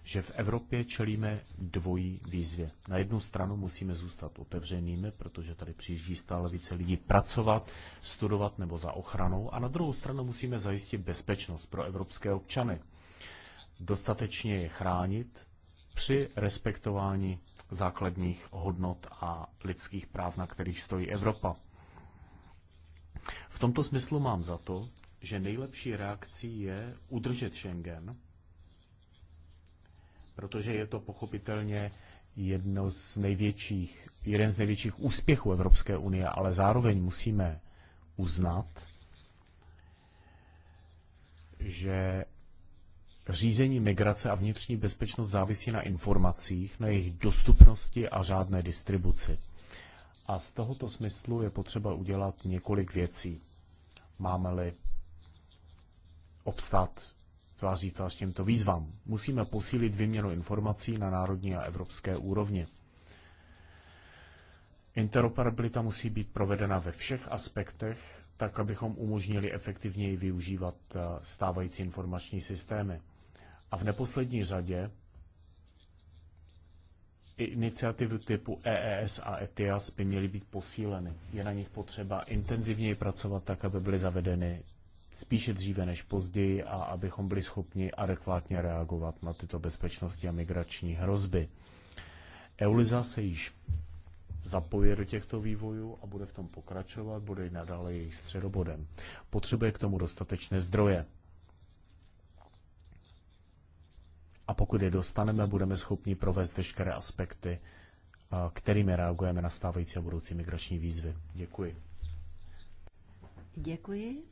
že v Evropě čelíme dvojí výzvě. Na jednu stranu musíme zůstat otevřenými, protože tady přijíždí stále více lidí pracovat, studovat nebo za ochranou, a na druhou stranu musíme zajistit bezpečnost pro evropské občany. Dostatečně je chránit při respektování základních hodnot a lidských práv, na kterých stojí Evropa. V tomto smyslu mám za to, že nejlepší reakcí je udržet Schengen, protože je to pochopitelně jedno z největších, jeden z největších úspěchů Evropské unie, ale zároveň musíme uznat, že řízení migrace a vnitřní bezpečnost závisí na informacích, na jejich dostupnosti a řádné distribuci. A z tohoto smyslu je potřeba udělat několik věcí. Máme-li obstát tváří tvář těmto výzvám. Musíme posílit výměnu informací na národní a evropské úrovni. Interoperabilita musí být provedena ve všech aspektech, tak abychom umožnili efektivněji využívat eh, stávající informační systémy. A v neposlední řadě i iniciativy typu EES a ETIAS by měly být posíleny. Je na nich potřeba intenzivněji pracovat tak, aby byly zavedeny spíše dříve než později a abychom byli schopni adekvátně reagovat na tyto bezpečnostní a migrační hrozby. Euliza se již zapojuje do těchto vývojů a bude v tom pokračovat, bude i nadále jejich středobodem. Potřebuje k tomu dostatečné zdroje. A pokud je dostaneme, budeme schopni provést veškeré aspekty, kterými reagujeme na stávající a budoucí migrační výzvy. Děkuji. Děkuji.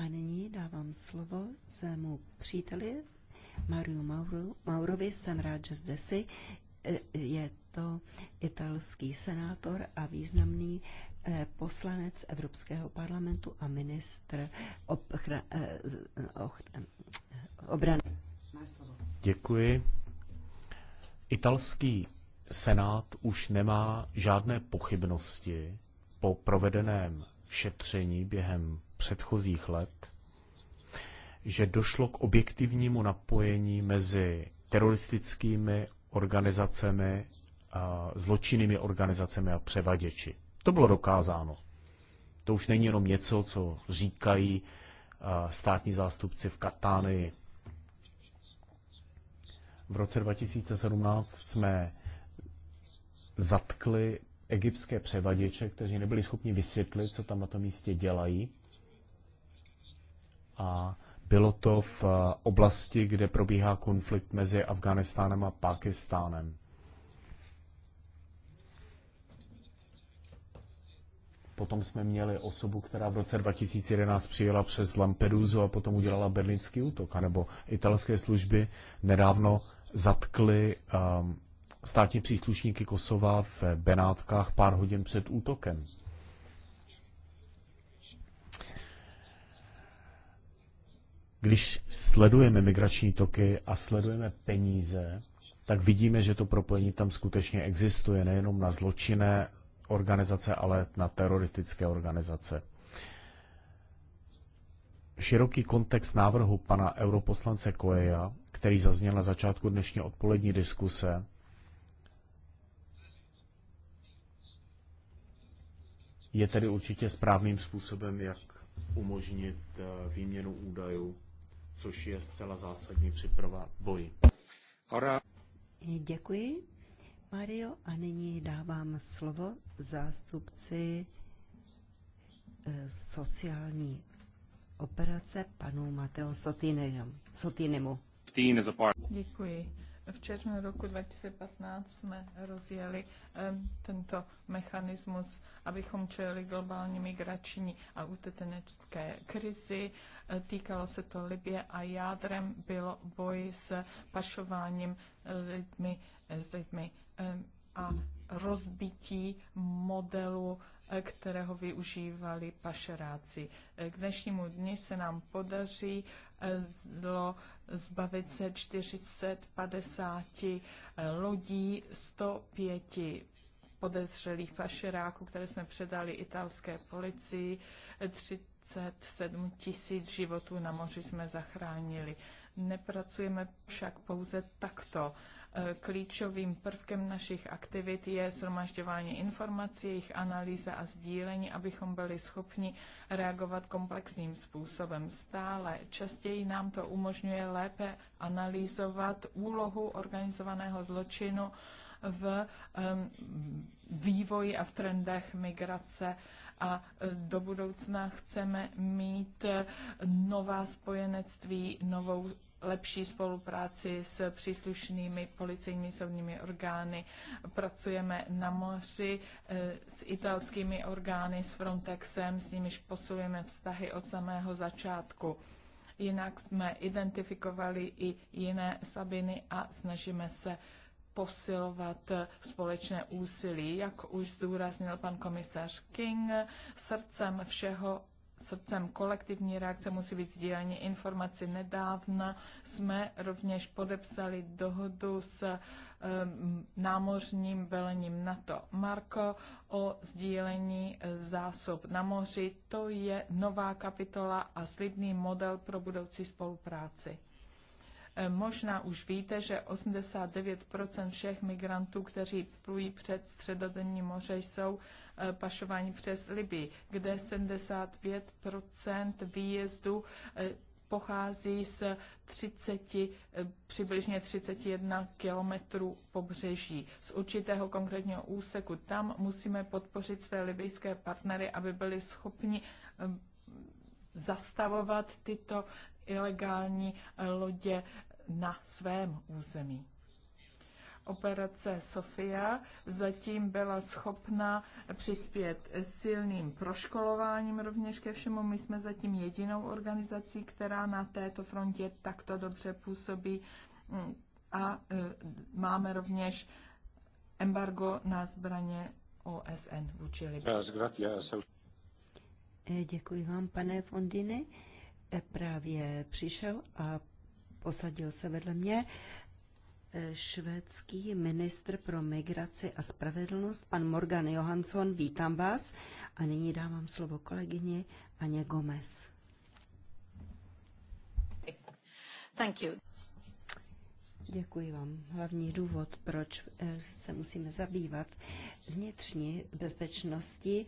A nyní dávám slovo svému příteli Mariu Mauro, Maurovi. Jsem rád, že zde si. E, je to italský senátor a významný e, poslanec Evropského parlamentu a ministr ochra, e, ochra, obrany. Děkuji. Italský senát už nemá žádné pochybnosti po provedeném šetření během předchozích let, že došlo k objektivnímu napojení mezi teroristickými organizacemi, zločinnými organizacemi a převaděči. To bylo dokázáno. To už není jenom něco, co říkají státní zástupci v Katánii. V roce 2017 jsme zatkli egyptské převaděče, kteří nebyli schopni vysvětlit, co tam na tom místě dělají a bylo to v eh, oblasti, kde probíhá konflikt mezi Afganistánem a Pakistánem. Potom jsme měli osobu, která v roce 2011 přijela přes Lampedusu a potom udělala berlínský útok, anebo italské služby nedávno zatkly ehm, státní příslušníky Kosova v Benátkách pár hodin před útokem. Když sledujeme migrační toky a sledujeme peníze, tak vidíme, že to propojení tam skutečně existuje, nejenom na zločinné organizace, ale na teroristické organizace. Široký kontext návrhu pana europoslance Koeja, který zazněl na začátku dnešní odpolední diskuse, je tedy určitě správným způsobem, jak umožnit eh, výměnu údajů což je zcela zásadní připrava boji. Ora. Děkuji. Mario, a nyní dávám slovo zástupci eh, sociální operace panu Mateo Sotinemu. Děkuji. V červnu roku 2015 jsme rozjeli eh, tento mechanismus, abychom čelili globální migrační a utetenecké krizi. Eh, týkalo se to Libie a jádrem bylo boj s pašováním lidmi, eh, s lidmi a rozbití modelu, kterého využívali pašeráci. K dnešnímu dni se nám podaří zbavit se 450 eh, lodí, 105 podezřelých pašeráků, které jsme předali italské policii, 37 tisíc životů na moři jsme zachránili. Nepracujeme však pouze takto. Eh, klíčovým prvkem našich aktivit je shromažďování informací, jejich analýza a sdílení, abychom byli schopni reagovat komplexním způsobem. Stále častěji nám to umožňuje lépe analýzovat úlohu organizovaného zločinu v um, vývoji a v trendech migrace a eh, do budoucna chceme mít eh, nová spojenectví, novou lepší spolupráci s příslušnými policejními soudními orgány. Pracujeme na moři eh, s italskými orgány, s Frontexem, s nimiž posilujeme vztahy od samého začátku. Jinak jsme identifikovali i jiné slabiny a snažíme se posilovat eh, společné úsilí. Jak už zdůraznil pan komisař King, srdcem všeho srdcem kolektivní reakce musí být sdílení informací. Nedávna jsme rovněž podepsali dohodu s um, námořním velením NATO Marko o sdílení eh, zásob na moři. To je nová kapitola a slibný model pro budoucí spolupráci. Eh, možná už víte, že 89% všech migrantů, kteří plují před Středozemní moře, jsou eh, pašováni přes Libii, kde 75% výjezdu eh, pochází z 30, přibližně 31 kilometrů pobřeží. Z určitého konkrétního úseku tam musíme podpořit své libijské partnery, aby byli schopni zastavovat tyto ilegální eh, lodě na svém území. Operace Sofia zatím byla schopna přispět silným proškolováním rovněž ke všemu. My jsme zatím jedinou organizací, která na této frontě takto dobře působí mm, a eh, máme rovněž embargo na zbraně OSN vůči Libii. Eh, děkuji vám, pane Fondiny. E právě přišel a posadil se vedle mě e, švédský ministr pro migraci a spravedlnost, pan Morgan Johansson. Vítám vás a nyní dávám slovo kolegyni Aně Gomez. Thank you. Děkuji vám. Hlavní důvod, proč e, se musíme zabývat vnitřní bezpečnosti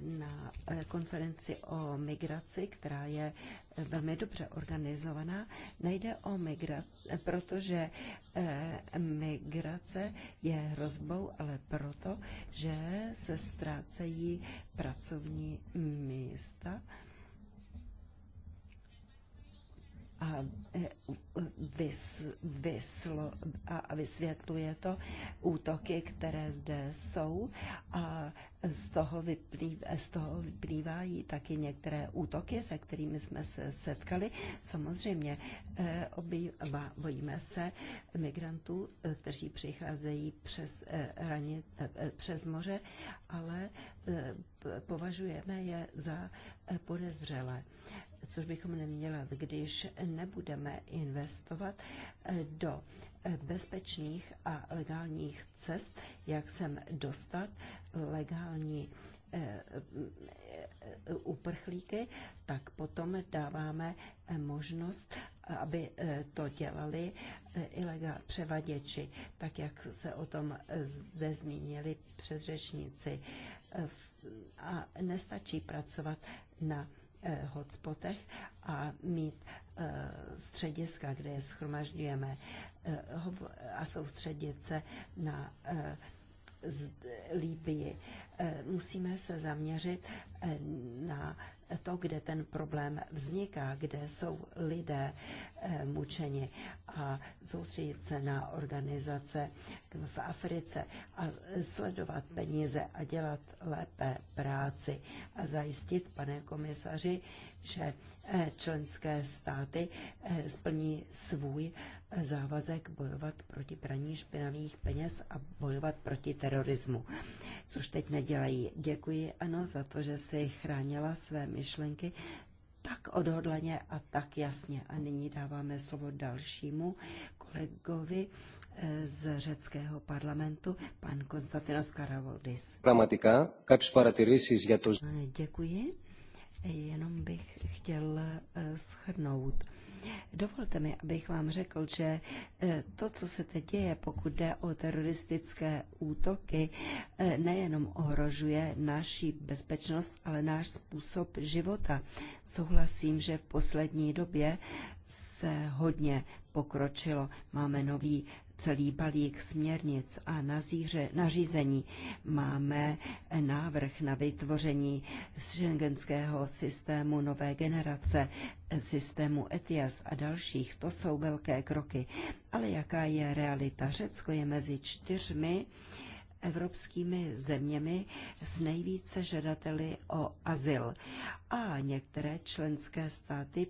na konferenci o migraci, která je velmi dobře organizovaná. Nejde o migrace, protože eh, migrace je hrozbou, ale proto, že se ztrácejí pracovní místa. a, e, vys, vyslo, a vysvětluje to útoky, které zde jsou a z toho, vyplýv, z toho vyplývají taky některé útoky, se kterými jsme se setkali. Samozřejmě e, obývá, bojíme se migrantů, e, kteří přicházejí přes, raně, přes moře, ale považujeme je za podezřelé což bychom neměli, když nebudeme investovat eh, do eh, bezpečných a legálních cest, jak sem dostat legální eh, uprchlíky, tak potom dáváme možnost, aby to dělali ilegál převaděči, tak jak se o tom zde zmínili předřečníci. A nestačí pracovat na Eh, hotspotech a mít eh, střediska, kde je schromažďujeme eh, a soustředit se na Libii. Eh, musíme se zaměřit eh, na to, kde ten problém vzniká, kde jsou lidé eh, mučeni a soustředit se na organizace v Africe a sledovat peníze a dělat lépe práci a zajistit, pane komisaři, že členské státy splní svůj závazek bojovat proti praní špinavých peněz a bojovat proti terorismu, což teď nedělají. Děkuji, ano, za to, že si chránila své myšlenky tak odhodlaně a tak jasně. A nyní dáváme slovo dalšímu kolegovi eh, z řeckého parlamentu, pan Konstantinos Karavodis. Gramatika, kač paratirisis, já to... Eh, děkuji. Jenom bych chtěl eh, shrnout, Dovolte mi, abych vám řekl, že eh, to, co se teď děje, pokud jde o teroristické útoky, eh, nejenom ohrožuje naší bezpečnost, ale náš způsob života. Souhlasím, že v poslední době se hodně pokročilo. Máme nový celý balík směrnic a nazíře, nařízení. Máme návrh na vytvoření šengenského systému nové generace, systému ETIAS a dalších. To jsou velké kroky. Ale jaká je realita? Řecko je mezi čtyřmi evropskými zeměmi s nejvíce žadateli o azyl. A některé členské státy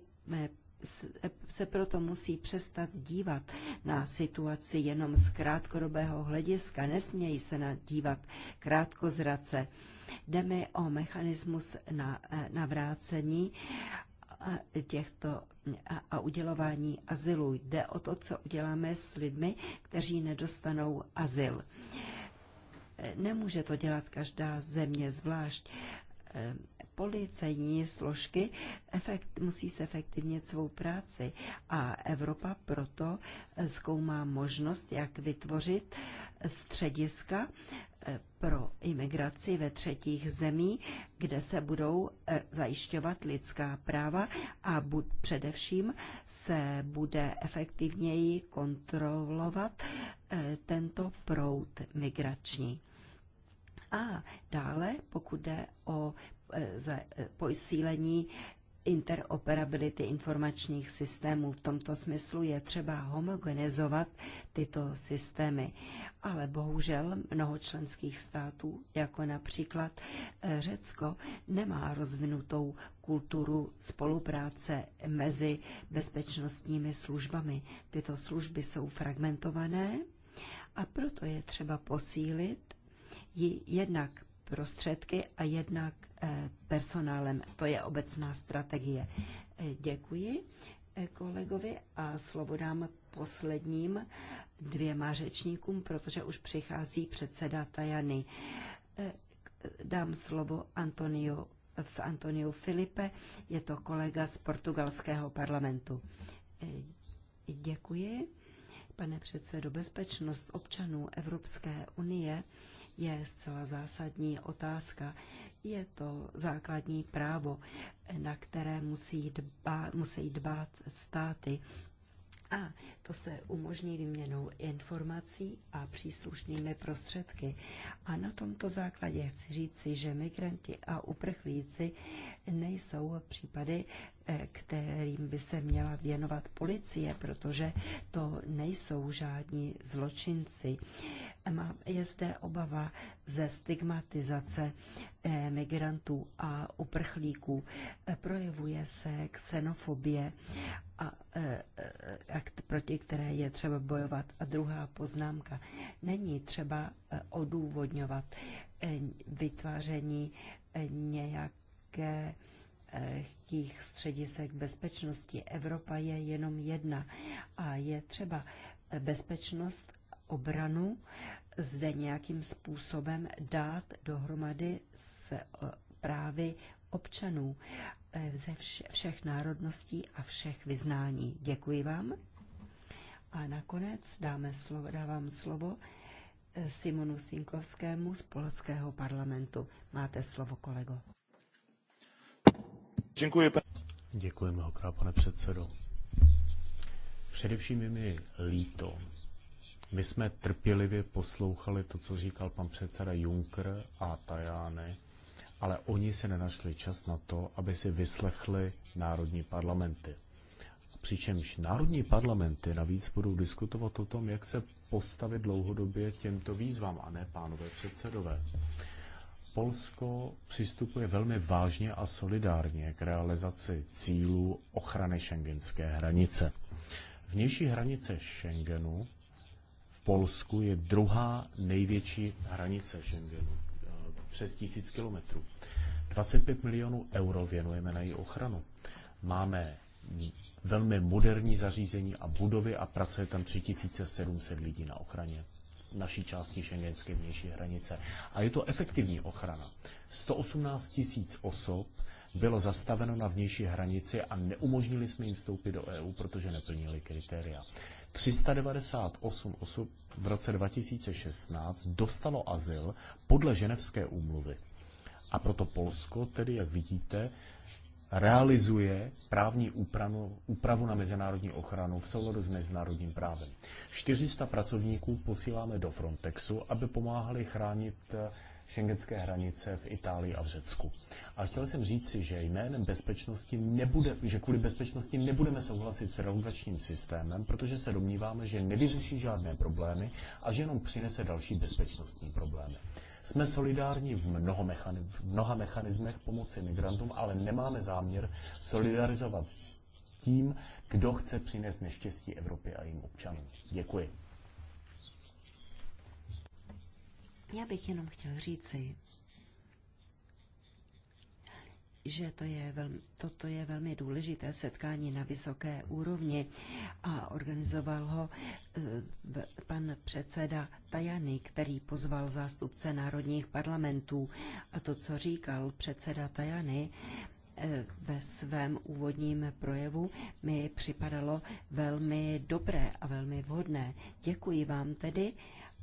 se proto musí přestat dívat na situaci jenom z krátkodobého hlediska, nesmějí se dívat krátkozrace. Jde mi o mechanismus na, eh, navrácení eh, těchto a, eh, a udělování azylu. Jde o to, co uděláme s lidmi, kteří nedostanou azyl. Nemůže to dělat každá země zvlášť policejní složky efekt, musí se efektivně svou práci. A Evropa proto eh, zkoumá možnost, jak vytvořit eh, střediska eh, pro imigraci ve třetích zemí, kde se budou zajišťovat lidská práva a bud, především se bude efektivněji kontrolovat tento proud migrační. A dále, pokud jde o Eh, eh, posílení interoperability informačních systémů. V tomto smyslu je třeba homogenizovat tyto systémy. Ale bohužel mnoho členských států, jako například eh, Řecko, nemá rozvinutou kulturu spolupráce mezi bezpečnostními službami. Tyto služby jsou fragmentované a proto je třeba posílit ji jednak prostředky a jednak Eh, personálem. To je obecná strategie. Eh, děkuji eh, kolegovi a slovo dám posledním dvěma řečníkům, protože už přichází předseda Tajany. Dám slovo Antonio, Antonio Filipe, je to kolega z portugalského parlamentu. Děkuji. Pane předsedo, bezpečnost občanů Evropské unie je zcela zásadní otázka, je to základní právo, na které musí dba musí dbát státy. A to se umožní výměnou informací a příslušnými prostředky. A na tomto základě chci říci, že migranti a uprchlíci nejsou případy kterým by se měla věnovat policie, protože to nejsou žádní zločinci. Je zde obava ze stigmatizace eh, migrantů a uprchlíků. Projevuje se xenofobie, a, eh, eh, a, proti které je třeba bojovat. A druhá poznámka. Není třeba odůvodňovat vytváření nějaké těch středisek bezpečnosti. Evropa je jenom jedna a je třeba bezpečnost, obranu zde nějakým způsobem dát dohromady s e, právy občanů e, ze všech národností a všech vyznání. Děkuji vám. A nakonec dáme slovo, dávám slovo e, Simonu Sinkovskému z Polského parlamentu. Máte slovo, kolego. Děkuji. Děkuji mnohokrát, pane předsedo. Především je mi líto. My jsme trpělivě poslouchali to, co říkal pan předseda Juncker a Tajány, ale oni se nenašli čas na to, aby si vyslechli národní parlamenty. Přičemž národní parlamenty navíc budou diskutovat o tom, jak se postavit dlouhodobě těmto výzvám, a ne pánové předsedové. Polsko přistupuje velmi vážně a solidárně k realizaci cílů ochrany šengenské hranice. Vnější hranice Schengenu v Polsku je druhá největší hranice Schengenu, eh, přes tisíc kilometrů. 25 milionů euro věnujeme na její ochranu. Máme velmi moderní zařízení a budovy a pracuje tam 3700 lidí na ochraně naší části šengenské vnější hranice. A je to efektivní ochrana. 118 tisíc osob bylo zastaveno na vnější hranici a neumožnili jsme jim vstoupit do EU, protože neplnili kritéria. 398 osob v roce 2016 dostalo azyl podle ženevské úmluvy. A proto Polsko, tedy jak vidíte, realizuje právní úpravu, úpravu na mezinárodní ochranu v souladu s mezinárodním právem. 400 pracovníků posíláme do Frontexu, aby pomáhali chránit eh, šengenské hranice v Itálii a v Řecku. A chtěl jsem říci, že jménem bezpečnosti nebude, že kvůli bezpečnosti nebudeme souhlasit s regulačním systémem, protože se domníváme, že nevyřeší žádné problémy a že jenom přinese další bezpečnostní problémy. Jsme solidární v, mnoho mechani- v mnoha mechanismech pomoci migrantům, ale nemáme záměr solidarizovat s tím, kdo chce přinést neštěstí Evropě a jejím občanům. Děkuji. Já bych jenom chtěl říci, že to je velmi, toto je velmi důležité setkání na vysoké úrovni a organizoval ho e, pan předseda Tajany, který pozval zástupce národních parlamentů. A to, co říkal předseda Tajany, e, ve svém úvodním projevu mi připadalo velmi dobré a velmi vhodné. Děkuji vám tedy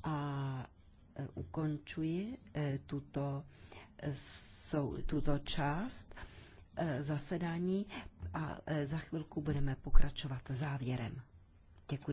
a e, ukončuji tuto tuto část eh, zasedání a eh, za chvilku budeme pokračovat závěrem.